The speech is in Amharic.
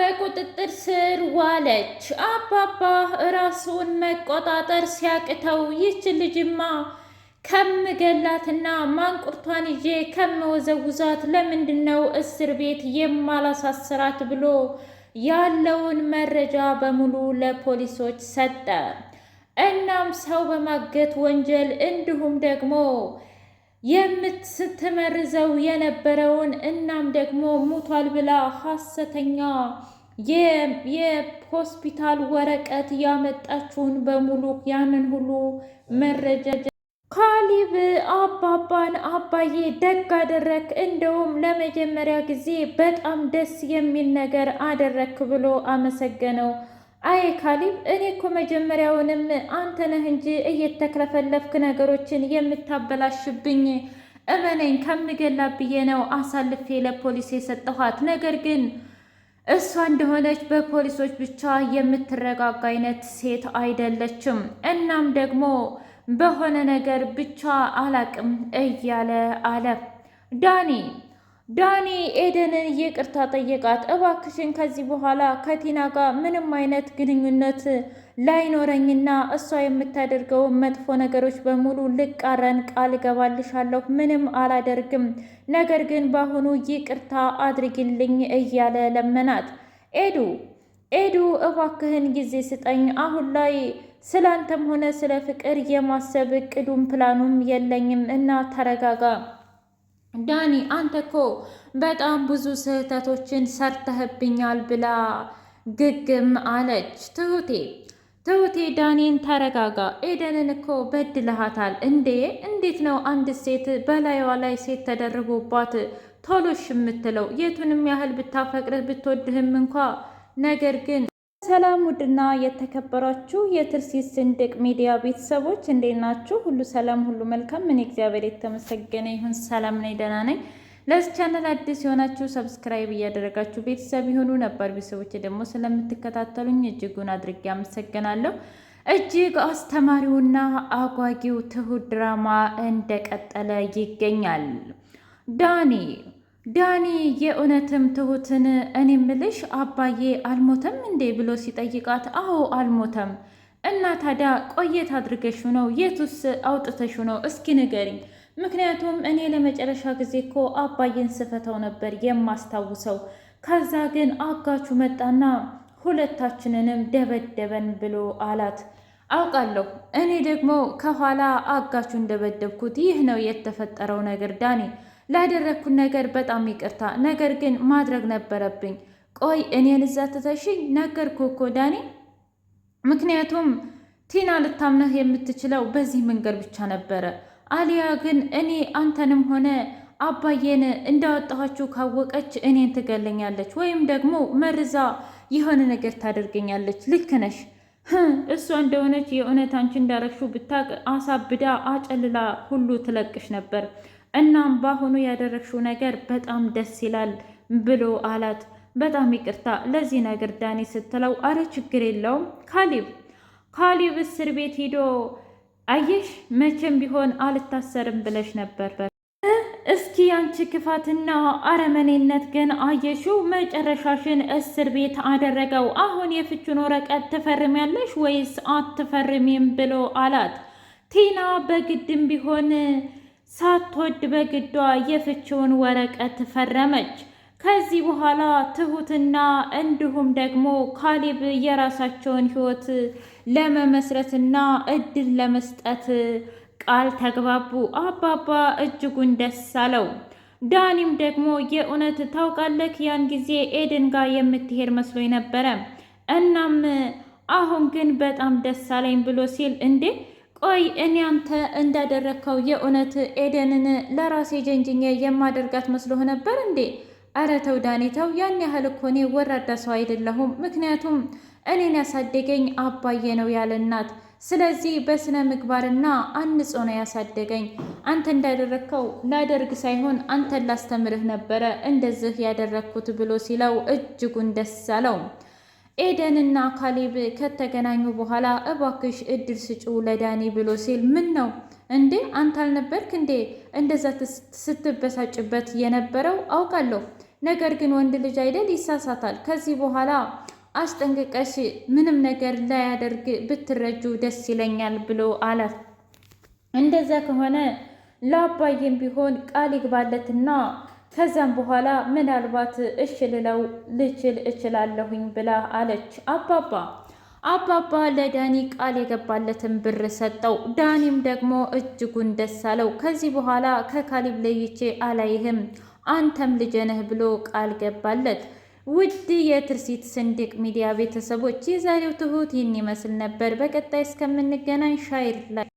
በቁጥጥር ስር ዋለች። አባባ ራሱን መቆጣጠር ሲያቅተው ይች ልጅማ ከምገላትና ማንቁርቷን ይዤ ከምወዘውዛት ለምንድን ነው እስር ቤት የማላሳስራት ብሎ ያለውን መረጃ በሙሉ ለፖሊሶች ሰጠ። እናም ሰው በማገት ወንጀል እንዲሁም ደግሞ ስትመርዘው የነበረውን እናም ደግሞ ሙቷል ብላ ሀሰተኛ የሆስፒታል ወረቀት ያመጣችውን በሙሉ ያንን ሁሉ መረጃ ካሊብ አባባን አባዬ ደግ አደረክ፣ እንደውም ለመጀመሪያ ጊዜ በጣም ደስ የሚል ነገር አደረክ ብሎ አመሰገነው። አይ ካሊብ እኔ እኮ መጀመሪያውንም አንተ ነህ እንጂ እየተክለፈለፍክ ነገሮችን የምታበላሽብኝ። እመነኝ ከምገላ ብዬ ነው አሳልፌ ለፖሊስ የሰጠኋት። ነገር ግን እሷ እንደሆነች በፖሊሶች ብቻ የምትረጋጋ አይነት ሴት አይደለችም። እናም ደግሞ በሆነ ነገር ብቻ አላቅም እያለ አለ ዳኒ ዳኒ ኤደን ይቅርታ ጠየቃት። እባክሽን ከዚህ በኋላ ከቲና ጋር ምንም አይነት ግንኙነት ላይኖረኝና እሷ የምታደርገው መጥፎ ነገሮች በሙሉ ልቃረን ቃል እገባልሻለሁ። ምንም አላደርግም። ነገር ግን በአሁኑ ይቅርታ አድርግልኝ እያለ ለመናት። ኤዱ ኤዱ እባክህን ጊዜ ስጠኝ። አሁን ላይ ስላንተም ሆነ ስለ ፍቅር የማሰብ እቅዱም ፕላኑም የለኝም እና ተረጋጋ ዳኒ አንተ እኮ በጣም ብዙ ስህተቶችን ሰርተህብኛል ብላ ግግም አለች ትሁቴ። ትሁቴ ዳኒን ተረጋጋ፣ ኤደንን እኮ በድለሃታል እንዴ! እንዴት ነው አንድ ሴት በላይዋ ላይ ሴት ተደርጎባት ቶሎሽ የምትለው? የቱንም ያህል ብታፈቅርህ ብትወድህም እንኳ ነገር ግን ሰላም ውድና የተከበራችሁ የትርሲት ሰንደቅ ሚዲያ ቤተሰቦች እንዴት ናችሁ? ሁሉ ሰላም፣ ሁሉ መልካም። ምን እግዚአብሔር የተመሰገነ ይሁን። ሰላም ነኝ፣ ደህና ነኝ። ለዚህ ቻናል አዲስ የሆናችሁ ሰብስክራይብ እያደረጋችሁ ቤተሰብ የሆኑ ነባር ቤተሰቦች ደግሞ ስለምትከታተሉኝ እጅጉን አድርጌ አመሰግናለሁ። እጅግ አስተማሪውና አጓጊው ትሁት ድራማ እንደቀጠለ ይገኛል። ዳኒ ዳኒ የእውነትም ትሁትን እኔ ምልሽ አባዬ አልሞተም እንዴ ብሎ ሲጠይቃት አዎ አልሞተም። እና ታዲያ ቆየት አድርገሽ ነው? የቱስ አውጥተሽ ነው? እስኪ ንገሪኝ። ምክንያቱም እኔ ለመጨረሻ ጊዜ እኮ አባዬን ስፈተው ነበር የማስታውሰው። ከዛ ግን አጋቹ መጣና ሁለታችንንም ደበደበን ብሎ አላት። አውቃለሁ እኔ ደግሞ ከኋላ አጋቹ እንደበደብኩት። ይህ ነው የተፈጠረው ነገር ዳኒ ላደረግኩት ነገር በጣም ይቅርታ፣ ነገር ግን ማድረግ ነበረብኝ። ቆይ እኔን እዛ ትተሽኝ ነገርኩ እኮ ዳኒ። ምክንያቱም ቲና ልታምነህ የምትችለው በዚህ መንገድ ብቻ ነበረ። አሊያ ግን እኔ አንተንም ሆነ አባዬን እንዳወጣኋችሁ ካወቀች እኔን ትገለኛለች፣ ወይም ደግሞ መርዛ የሆነ ነገር ታደርገኛለች። ልክ ነሽ። እሷ እንደሆነች የእውነት አንቺ እንዳረግሹ ብታቅ አሳብዳ አጨልላ ሁሉ ትለቅሽ ነበር። እናም በአሁኑ ያደረግሽው ነገር በጣም ደስ ይላል ብሎ አላት። በጣም ይቅርታ ለዚህ ነገር ዳኒ ስትለው፣ አረ ችግር የለውም ካሊብ። ካሊብ እስር ቤት ሂዶ አየሽ፣ መቼም ቢሆን አልታሰርም ብለሽ ነበር። እስኪ ያንቺ ክፋትና አረመኔነት ግን አየሽው፣ መጨረሻሽን እስር ቤት አደረገው። አሁን የፍቹን ወረቀት ትፈርሚያለሽ ወይስ አትፈርሚም ብሎ አላት። ቲና በግድም ቢሆን ሳትወድ በግዷ የፍቺውን ወረቀት ፈረመች። ከዚህ በኋላ ትሁትና እንዲሁም ደግሞ ካሌብ የራሳቸውን ሕይወት ለመመስረትና እድል ለመስጠት ቃል ተግባቡ። አባባ እጅጉን ደስ አለው። ዳኒም ደግሞ የእውነት ታውቃለህ፣ ያን ጊዜ ኤደን ጋር የምትሄድ መስሎኝ ነበረ። እናም አሁን ግን በጣም ደስ አለኝ ብሎ ሲል እንዴ ቆይ እኔ አንተ እንዳደረግከው የእውነት ኤደንን ለራሴ ጀንጅኜ የማደርጋት መስሎህ ነበር እንዴ? አረ ተው ዳኒተው ያን ያህል እኮ እኔ ወራዳ ሰው አይደለሁም። ምክንያቱም እኔን ያሳደገኝ አባዬ ነው ያለ እናት። ስለዚህ በስነ ምግባርና አንጾ ነው ያሳደገኝ። አንተ እንዳደረግከው ላደርግ ሳይሆን አንተን ላስተምርህ ነበረ እንደዚህ ያደረግኩት ብሎ ሲለው እጅጉን ደስ አለው። ኤደንና ካሌብ ከተገናኙ በኋላ እባክሽ እድል ስጩ ለዳኒ ብሎ ሲል ምን ነው እንዴ አንተ አልነበርክ እንዴ እንደዛ ስትበሳጭበት የነበረው አውቃለሁ ነገር ግን ወንድ ልጅ አይደል ይሳሳታል ከዚህ በኋላ አስጠንቅቀሽ ምንም ነገር ላያደርግ ብትረጁ ደስ ይለኛል ብሎ አላት እንደዛ ከሆነ ለአባዬም ቢሆን ቃል ይግባለትና ከዛም በኋላ ምናልባት እሽ ልለው ልችል እችላለሁኝ ብላ አለች። አባባ አባባ ለዳኒ ቃል የገባለትን ብር ሰጠው። ዳኒም ደግሞ እጅጉን ደስ አለው። ከዚህ በኋላ ከካሊብ ለይቼ አላይህም አንተም ልጄ ነህ ብሎ ቃል ገባለት። ውድ የትርሲት ስንድቅ ሚዲያ ቤተሰቦች የዛሬው ትሁት ይህን ይመስል ነበር። በቀጣይ እስከምንገናኝ ሻይር ላይ